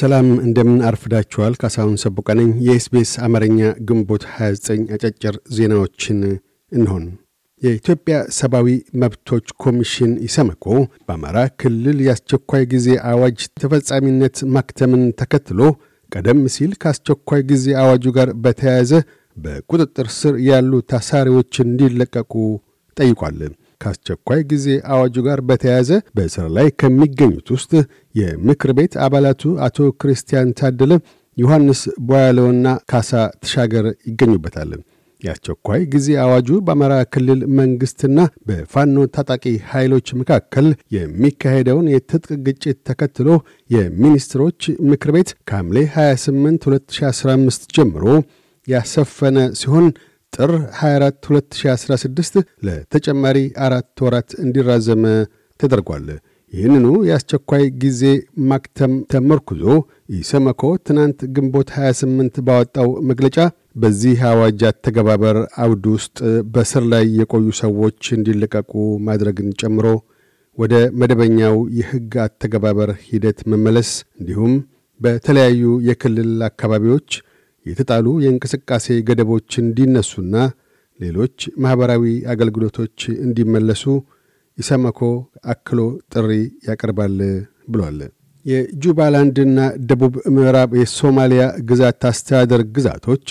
ሰላም እንደምን አርፍዳችኋል። ካሳሁን ሰቦቃ ነኝ። አማርኛ ግንቦት 29 አጫጭር ዜናዎችን እንሆን። የኢትዮጵያ ሰብአዊ መብቶች ኮሚሽን ኢሰመኮ በአማራ ክልል የአስቸኳይ ጊዜ አዋጅ ተፈጻሚነት ማክተምን ተከትሎ ቀደም ሲል ከአስቸኳይ ጊዜ አዋጁ ጋር በተያያዘ በቁጥጥር ስር ያሉ ታሳሪዎች እንዲለቀቁ ጠይቋል። ከአስቸኳይ ጊዜ አዋጁ ጋር በተያያዘ በእስር ላይ ከሚገኙት ውስጥ የምክር ቤት አባላቱ አቶ ክርስቲያን ታደለ፣ ዮሐንስ ቦያሎና ካሳ ተሻገር ይገኙበታል። የአስቸኳይ ጊዜ አዋጁ በአማራ ክልል መንግሥትና በፋኖ ታጣቂ ኃይሎች መካከል የሚካሄደውን የትጥቅ ግጭት ተከትሎ የሚኒስትሮች ምክር ቤት ከሐምሌ 28 2015 ጀምሮ ያሰፈነ ሲሆን ጥር 24 2016 ለተጨማሪ አራት ወራት እንዲራዘም ተደርጓል። ይህንኑ የአስቸኳይ ጊዜ ማክተም ተመርኩዞ ኢሰመኮ ትናንት ግንቦት 28 ባወጣው መግለጫ በዚህ አዋጅ አተገባበር አውድ ውስጥ በስር ላይ የቆዩ ሰዎች እንዲለቀቁ ማድረግን ጨምሮ ወደ መደበኛው የሕግ አተገባበር ሂደት መመለስ እንዲሁም በተለያዩ የክልል አካባቢዎች የተጣሉ የእንቅስቃሴ ገደቦች እንዲነሱና ሌሎች ማኅበራዊ አገልግሎቶች እንዲመለሱ ኢሰመኮ አክሎ ጥሪ ያቀርባል ብሏል። የጁባላንድና ደቡብ ምዕራብ የሶማሊያ ግዛት አስተዳደር ግዛቶች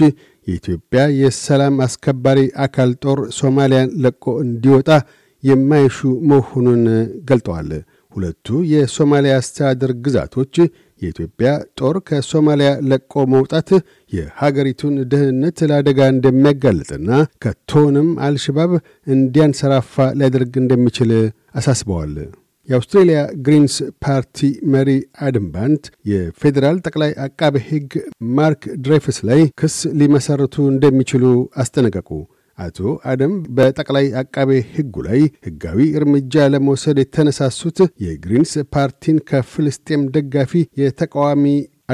የኢትዮጵያ የሰላም አስከባሪ አካል ጦር ሶማሊያን ለቆ እንዲወጣ የማይሹ መሆኑን ገልጠዋል። ሁለቱ የሶማሊያ አስተዳደር ግዛቶች የኢትዮጵያ ጦር ከሶማሊያ ለቆ መውጣት የሀገሪቱን ደህንነት ለአደጋ እንደሚያጋልጥና ከቶንም አልሸባብ እንዲያንሰራፋ ሊያደርግ እንደሚችል አሳስበዋል። የአውስትሬልያ ግሪንስ ፓርቲ መሪ አድምባንት የፌዴራል ጠቅላይ አቃቤ ሕግ ማርክ ድሬፍስ ላይ ክስ ሊመሰርቱ እንደሚችሉ አስጠነቀቁ። አቶ አደም በጠቅላይ አቃቤ ሕጉ ላይ ሕጋዊ እርምጃ ለመውሰድ የተነሳሱት የግሪንስ ፓርቲን ከፍልስጤም ደጋፊ የተቃዋሚ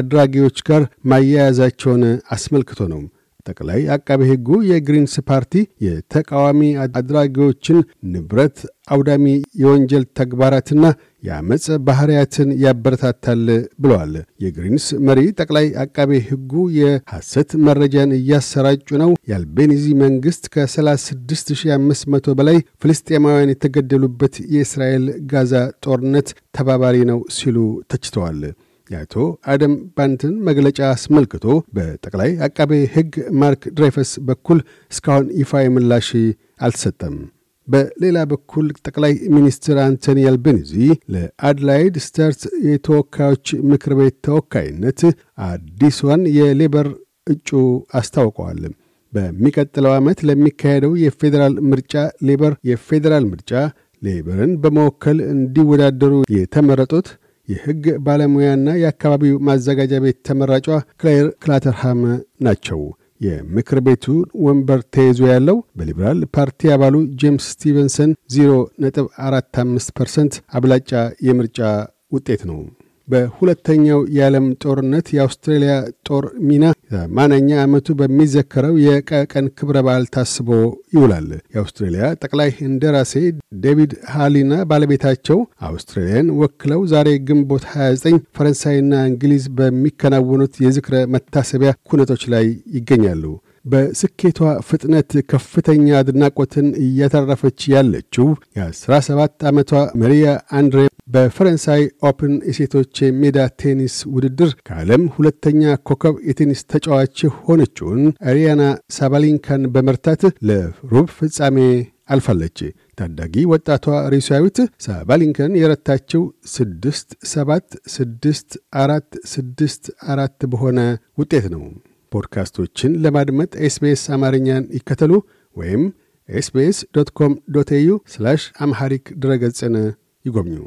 አድራጊዎች ጋር ማያያዛቸውን አስመልክቶ ነው። ጠቅላይ አቃቤ ሕጉ የግሪንስ ፓርቲ የተቃዋሚ አድራጊዎችን ንብረት አውዳሚ የወንጀል ተግባራትና የአመፅ ባህርያትን ያበረታታል ብለዋል። የግሪንስ መሪ ጠቅላይ አቃቤ ሕጉ የሐሰት መረጃን እያሰራጩ ነው፣ የአልቤኒዚ መንግሥት ከ36500 በላይ ፍልስጤማውያን የተገደሉበት የእስራኤል ጋዛ ጦርነት ተባባሪ ነው ሲሉ ተችተዋል። የአቶ አደም ባንትን መግለጫ አስመልክቶ በጠቅላይ አቃቤ ሕግ ማርክ ድሬፈስ በኩል እስካሁን ይፋ ምላሽ አልተሰጠም። በሌላ በኩል ጠቅላይ ሚኒስትር አንቶኒ አልቤኒዚ ለአድላይድ ስተርት የተወካዮች ምክር ቤት ተወካይነት አዲሷን የሌበር እጩ አስታውቀዋል። በሚቀጥለው ዓመት ለሚካሄደው የፌዴራል ምርጫ ሌበር የፌዴራል ምርጫ ሌበርን በመወከል እንዲወዳደሩ የተመረጡት የሕግ ባለሙያና የአካባቢው ማዘጋጃ ቤት ተመራጯ ክላይር ክላተርሃም ናቸው። የምክር ቤቱ ወንበር ተይዞ ያለው በሊበራል ፓርቲ አባሉ ጄምስ ስቲቨንሰን 0.45 ፐርሰንት አብላጫ የምርጫ ውጤት ነው። በሁለተኛው የዓለም ጦርነት የአውስትሬልያ ጦር ሚና ማነኛ ዓመቱ በሚዘከረው የቀቀን ክብረ በዓል ታስቦ ይውላል። የአውስትሬልያ ጠቅላይ እንደራሴ ዴቪድ ሃሊና ባለቤታቸው አውስትሬልያን ወክለው ዛሬ ግንቦት 29 ፈረንሳይና እንግሊዝ በሚከናወኑት የዝክረ መታሰቢያ ኩነቶች ላይ ይገኛሉ። በስኬቷ ፍጥነት ከፍተኛ አድናቆትን እያተረፈች ያለችው የ17 ዓመቷ መሪያ አንድሬ በፈረንሳይ ኦፕን የሴቶች የሜዳ ቴኒስ ውድድር ከዓለም ሁለተኛ ኮከብ የቴኒስ ተጫዋች ሆነችውን አሪያና ሳባሊንካን በመርታት ለሩብ ፍጻሜ አልፋለች። ታዳጊ ወጣቷ ሩሲያዊት ሳባሊንከን የረታችው ስድስት ሰባት ስድስት አራት ስድስት አራት በሆነ ውጤት ነው። ፖድካስቶችን ለማድመጥ ኤስቤስ አማርኛን ይከተሉ ወይም ኤስቤስ ዶት ኮም ዶት ኤዩ አምሐሪክ ድረገጽን ይጎብኙ